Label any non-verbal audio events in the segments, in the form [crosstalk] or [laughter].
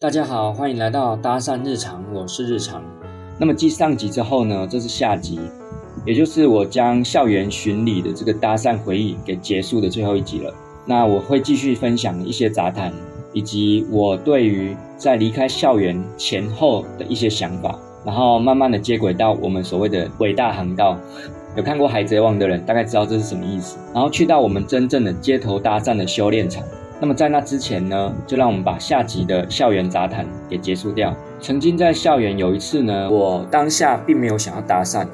大家好，歡迎來到搭訕日常，我是日常。那麼繼上集之後呢，這是下集，也就是我將校園巡禮的這個搭訕回憶給結束的最後一集了。那我會繼續分享一些雜談，以及我對於在離開校園前後的一些想法。然後慢慢的接軌到我們所謂的偉大航道，有看過《海賊王》的人大概知道這是什麼意思。然後去到我們真正的街頭搭訕的修煉場。那麼在那之前呢，就讓我們把下集的校園雜談給結束掉。曾經在校園有一次呢，我當下並沒有想要搭訕，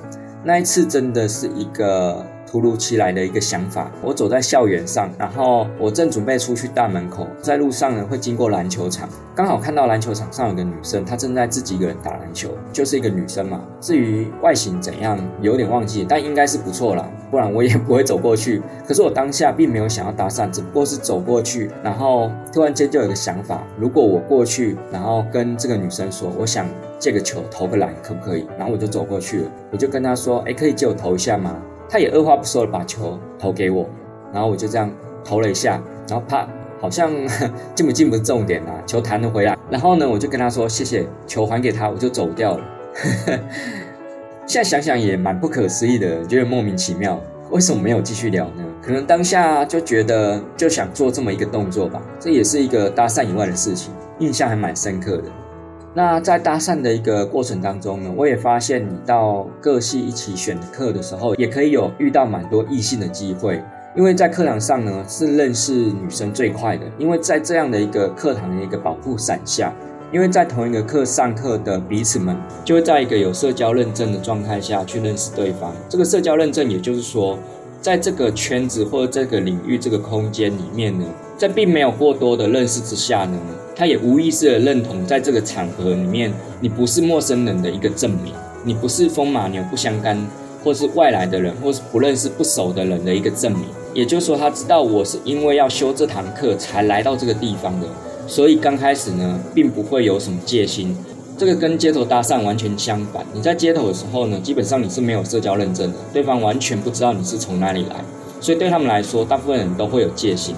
那一次真的是一個。突如其來的一個想法，我走在校園上，然後我正準備出去大門口，在路上呢會經過籃球場，剛好看到籃球場上有一個女生，她正在自己一個人打籃球，就是一個女生嘛。至於外形怎樣，有點忘記，但應該是不錯啦。不然我也不會走過去。可是我當下並沒有想要搭訕，只不過是走過去，然後突然間就有個想法：如果我過去，然後跟這個女生說，我想借個球投個籃，可不可以？然後我就走過去了，我就跟她說：“哎、欸，可以借我投一下嗎？”他也二話不說的把球投給我，然後我就這樣投了一下，然後啪，好像進不進是不重點啊，球彈了回來，然後呢我就跟他說謝謝，球還給他，我就走掉了。 [laughs] 現在想想也蠻不可思議的，覺得莫名其妙，為什麼沒有繼續聊呢？可能當下就覺得就想做這麼一個動作吧，這也是一個搭訕以外的事情，印象還蠻深刻的。那在搭訕的一個過程當中呢，我也發現你到各系一起選課的時候，也可以有遇到蠻多異性的機會。因為在課堂上呢，是認識女生最快的，因為在這樣的一個課堂的一個保護傘下，因為在同一個課上課的彼此們，就會在一個有社交認證的狀態下去認識對方。這個社交認證，也就是說，在這個圈子或者這個領域、這個空間裡面呢。在並沒有過多的認識之下呢，他也無意識地認同，在這個場合裡面，你不是陌生人的一個證明，你不是風馬牛不相干，或是外來的人，或是不認識不熟的人的一個證明。也就是說，他知道我是因為要修這堂課才來到這個地方的，所以剛開始呢，並不會有什麼戒心。這個跟街頭搭訕完全相反。你在街頭的時候呢，基本上你是沒有社交認證的，對方完全不知道你是從哪裡來，所以對他們來說，大部分人都會有戒心。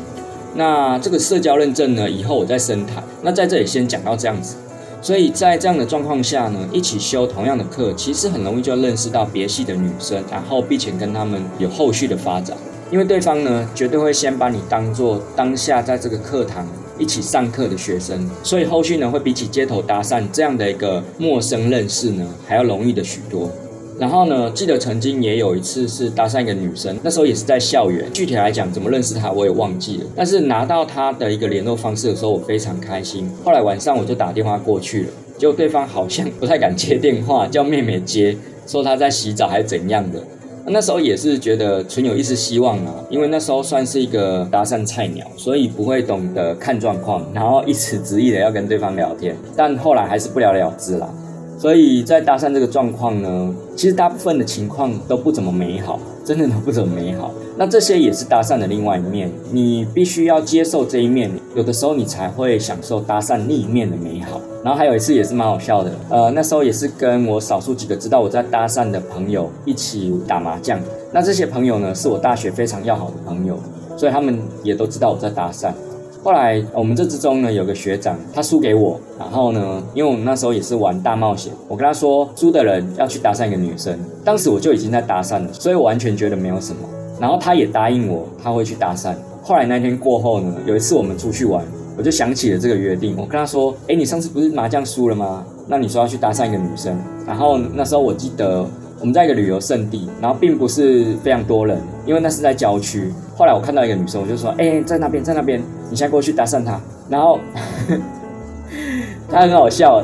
那這個社交認證呢，以後我再深談。那在這裡先講到這樣子，所以在這樣的狀況下呢，一起修同樣的課，其實很容易就認識到別系的女生，然後並且跟她們有後續的發展。因為對方呢，絕對會先把你當做當下在這個課堂一起上課的學生，所以後續呢，會比起街頭搭訕這樣的一個陌生認識呢，還要容易的許多。然後呢，記得曾經也有一次是搭訕一個女生，那時候也是在校園。具體來講怎麼認識她，我也忘記了。但是拿到她的一個聯絡方式的時候，我非常開心。後來晚上我就打電話過去了，結果對方好像不太敢接電話，叫妹妹接，說她在洗澡還是怎樣的。那時候也是覺得存有一絲希望啊，因為那時候算是一個搭訕菜鳥，所以不會懂得看狀況，然後一直執意的要跟對方聊天，但後來還是不了了之啦。所以在搭訕這個狀況呢，其實大部分的情況都不怎麼美好，真的都不怎麼美好。那這些也是搭訕的另外一面，你必須要接受這一面，有的時候你才會享受搭訕另一面的美好。然後還有一次也是蠻好笑的，呃，那時候也是跟我少數幾個知道我在搭訕的朋友一起打麻將。那這些朋友呢，是我大學非常要好的朋友，所以他們也都知道我在搭訕。後來我們這之中呢，有個學長，他輸給我，然後呢，因為我們那時候也是玩大冒險，我跟他說，輸的人要去搭訕一個女生。當時我就已經在搭訕了，所以我完全覺得沒有什麼。然後他也答應我，他會去搭訕。後來那天過後呢，有一次我們出去玩，我就想起了這個約定，我跟他說，誒、欸、你上次不是麻將輸了嗎？那你說要去搭訕一個女生，然後那時候我記得。我們在一個旅遊勝地，然後並不是非常多人，因為那是在郊區。後來我看到一個女生，我就說：“哎、欸，在那邊，在那邊，你現在過去搭訕她。”然後她很好笑，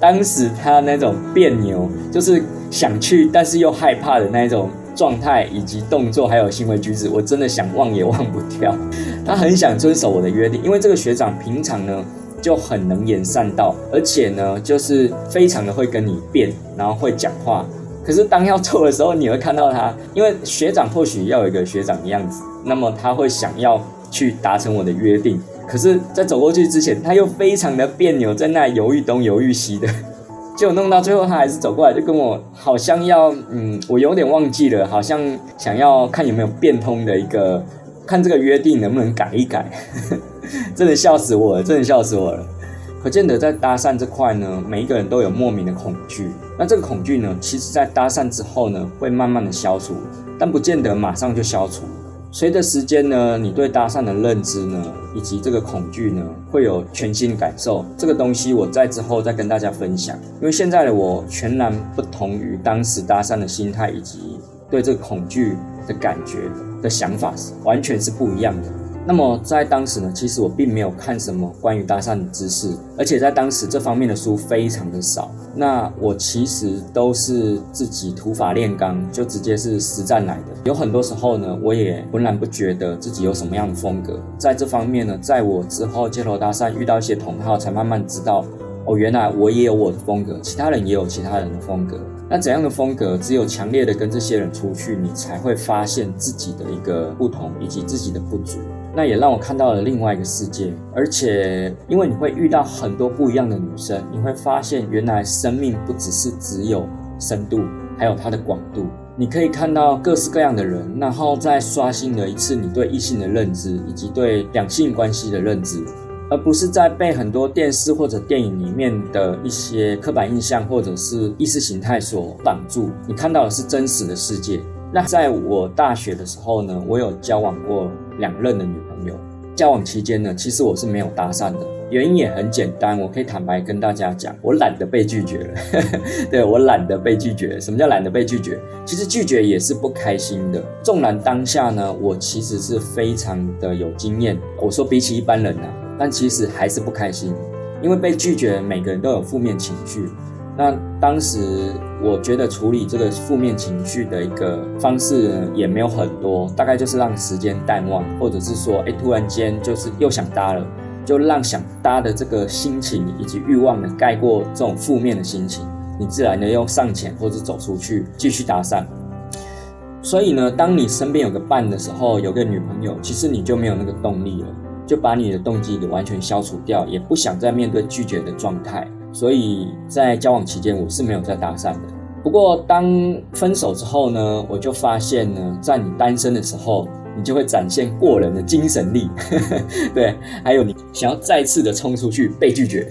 當時她那種彆扭，就是想去但是又害怕的那種狀態，以及動作還有行為舉止，我真的想忘也忘不掉。她很想遵守我的約定，因為這個學長平常呢就很能言善道，而且呢就是非常的會跟你辯，然後會講話。可是當要做的時候，你會看到他，因為學長或許要有一個學長的樣子，那麼他會想要去達成我的約定。可是，在走過去之前，他又非常的彆扭，在那猶豫東猶豫西的，結果弄到最後他還是走過來，就跟我好像要嗯，我有點忘記了，好像想要看有沒有變通的一個，看這個約定能不能改一改呵呵，真的笑死我了，真的笑死我了。可見得在搭訕這塊呢，每一個人都有莫名的恐懼。那這個恐懼呢，其實在搭訕之後呢，會慢慢的消除，但不見得馬上就消除。隨着時間呢，你對搭訕的認知呢，以及這個恐懼呢，會有全新的感受。這個東西我在之後再跟大家分享，因為現在的我全然不同於當時搭訕的心態，以及對這個恐懼的感覺的想法，完全是不一樣的。那麼在當時呢，其實我並沒有看什麼關於搭訕的知識，而且在當時這方面的書非常的少。那我其實都是自己土法煉鋼，就直接是實戰來的。有很多時候呢，我也渾然不覺得自己有什麼樣的風格。在這方面呢，在我之後街頭搭訕遇到一些同好，才慢慢知道哦，原來我也有我的風格，其他人也有其他人的風格。那怎樣的風格？只有強烈的跟這些人出去，你才會發現自己的一個不同，以及自己的不足。那也讓我看到了另外一個世界，而且因為你會遇到很多不一樣的女生，你會發現原來生命不只是只有深度，還有它的廣度。你可以看到各式各樣的人，然後再刷新了一次你對異性的認知，以及對兩性關係的認知，而不是在被很多電視或者電影裡面的一些刻板印象或者是意識形態所擋住。你看到的是真實的世界。那在我大學的時候呢，我有交往過。兩任的女朋友。交往期間呢，其實我是沒有搭訕的，原因也很簡單，我可以坦白跟大家講，我懶得被拒絕了。呵呵，對，我懶得被拒絕，什麼叫懶得被拒絕？其實拒絕也是不開心的。縱然當下呢，我其實是非常的有經驗，我說比起一般人啊，但其實還是不開心，因為被拒絕，每個人都有負面情緒。那當時我覺得處理這個負面情緒的一個方式呢，也沒有很多，大概就是讓時間淡忘，或者是說，哎、欸，突然間就是又想搭了，就讓想搭的這個心情以及欲望呢，蓋過這種負面的心情，你自然的又上前或者走出去繼續搭訕。所以呢，當你身邊有個伴的時候，有個女朋友，其實你就沒有那個動力了，就把你的動機給完全消除掉，也不想再面對拒絕的狀態。所以在交往期間，我是沒有在搭訕的。不過，當分手之後呢，我就發現呢，在你單身的時候，你就會展現過人的精神力， [laughs] 對，還有你想要再次的衝出去被拒絕，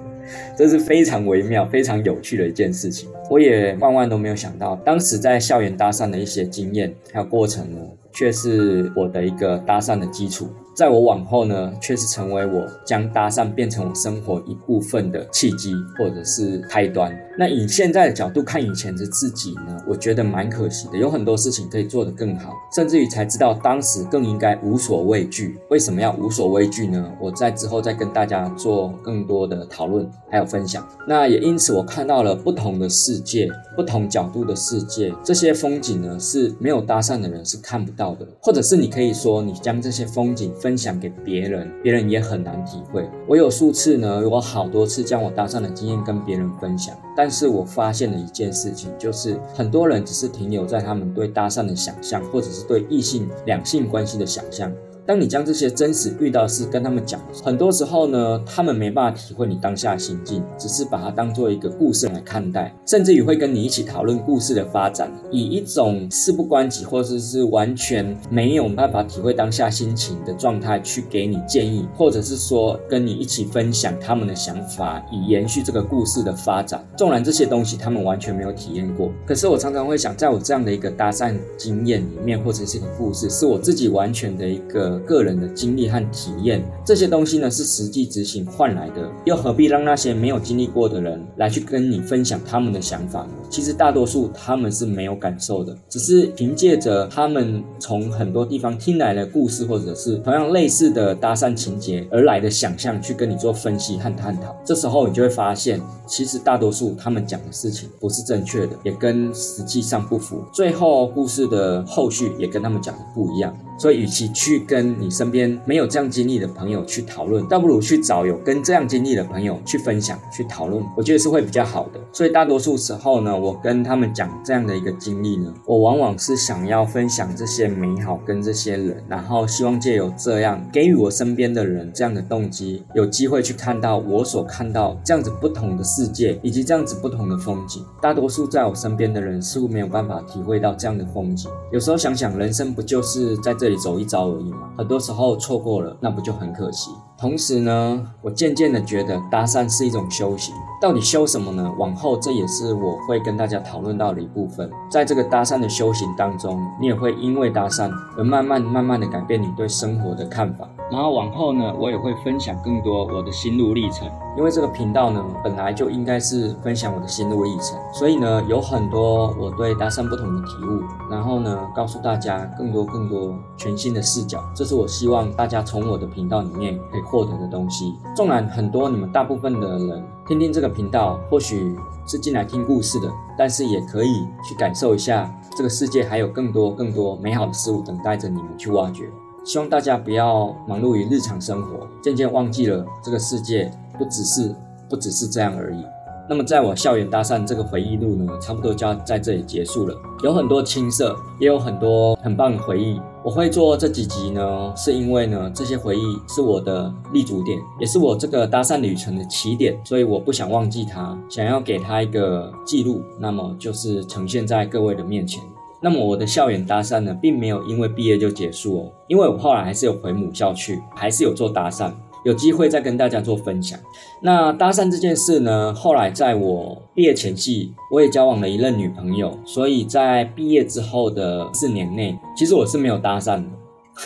[laughs] 這是非常微妙、非常有趣的一件事情。我也萬萬都沒有想到，當時在校園搭訕的一些經驗還有過程呢，卻是我的一個搭訕的基礎。在我往後呢，卻是成為我將搭訕變成我生活一部分的契機或者是開端。那以現在的角度看以前的自己呢，我覺得蠻可惜的，有很多事情可以做得更好，甚至於才知道當時更應該無所畏懼。為什麼要無所畏懼呢？我在之後再跟大家做更多的討論還有分享。那也因此我看到了不同的世界，不同角度的世界，這些風景呢，是沒有搭訕的人是看不到的，或者是你可以說你將這些風景。分享給別人，別人也很難體會。我有數次呢，我好多次將我搭訕的經驗跟別人分享，但是我發現了一件事情，就是很多人只是停留在他們對搭訕的想象，或者是對異性、兩性關係的想象。當你將這些真實遇到的事跟他們講，很多時候呢，他們沒辦法體會你當下心境，只是把它當做一個故事來看待，甚至於會跟你一起討論故事的發展，以一種事不關己或者是，是完全沒有辦法體會當下心情的狀態去給你建議，或者是說跟你一起分享他們的想法，以延續這個故事的發展。縱然這些東西他們完全沒有體驗過，可是我常常會想，在我這樣的一個搭訕經驗裡面，或者是一個故事，是我自己完全的一個。個人的經歷和體驗，這些東西呢，是實際執行換來的，又何必讓那些沒有經歷過的人來去跟你分享他們的想法呢？其實大多數他們是沒有感受的，只是憑借着他們從很多地方聽來的故事，或者是同樣類似的搭訕情節而來的想象去跟你做分析和探討。這時候你就會發現，其實大多數他們講的事情不是正確的，也跟實際上不符，最後故事的後續也跟他們講的不一樣。所以，與其去跟你身邊沒有這樣經歷的朋友去討論，倒不如去找有跟這樣經歷的朋友去分享、去討論，我覺得是會比較好的。所以，大多數時候呢，我跟他們講這樣的一個經歷呢，我往往是想要分享這些美好跟這些人，然後希望借由這樣給予我身邊的人這樣的動機，有機會去看到我所看到這樣子不同的世界以及這樣子不同的風景。大多數在我身邊的人似乎沒有辦法體會到這樣的風景。有時候想想，人生不就是在這這裡走一遭而已嘛，很多時候錯過了，那不就很可惜？同時呢，我漸漸的覺得搭訕是一種修行。到底修什麼呢？往後這也是我會跟大家討論到的一部分。在這個搭訕的修行當中，你也會因為搭訕而慢慢、慢慢地改變你對生活的看法。然後往後呢，我也會分享更多我的心路歷程，因為這個頻道呢，本來就應該是分享我的心路歷程，所以呢，有很多我對搭訕不同的體悟，然後呢，告訴大家更多、更多全新的視角。這是我希望大家從我的頻道裡面可以獲得的東西。縱然很多你們大部分的人，聽聽這個頻道，或許是進來聽故事的，但是也可以去感受一下這個世界還有更多更多美好的事物等待着你們去挖掘。希望大家不要忙碌於日常生活，漸漸忘記了這個世界不只是，不只是這樣而已。那麼，在我校園搭訕這個回憶錄呢，差不多就要在這裡結束了。有很多青澀，也有很多很棒的回憶。我會做這幾集呢，是因為呢，這些回憶是我的立足點，也是我這個搭訕旅程的起點，所以我不想忘記他，想要給他一個記錄，那麼就是呈現在各位的面前。那麼我的校園搭訕呢，並沒有因為畢業就結束哦，因為我後來還是有回母校去，還是有做搭訕。有機會再跟大家做分享。那搭訕這件事呢，後來在我畢業前夕，我也交往了一任女朋友，所以在畢業之後的四年內，其實我是沒有搭訕的，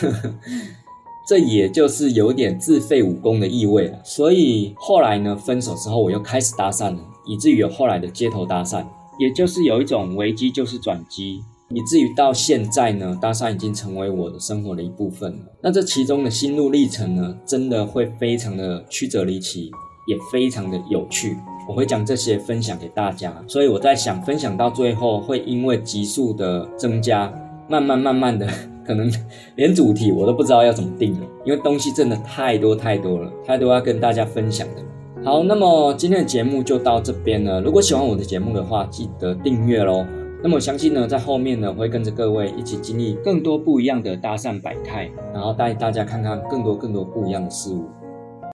[laughs] 這也就是有點自廢武功的意味了。所以後來呢，分手之後我又開始搭訕了，以至於有後來的街頭搭訕，也就是有一種危機就是轉機。以至於到現在呢，搭訕已經成為我的生活的一部分了。那這其中的心路歷程呢，真的會非常的曲折離奇，也非常的有趣。我會將這些分享給大家。所以我在想，分享到最後會因為集數的增加，慢慢慢慢的，可能連主題我都不知道要怎麼定了，因為東西真的太多太多了，太多要跟大家分享的。好，那麼今天的節目就到這邊了。如果喜歡我的節目的話，記得訂閱嘍。那麼，我相信呢，在後面呢，會跟着各位一起經歷更多不一樣的搭訕百態，然後帶大家看看更多更多不一樣的事物。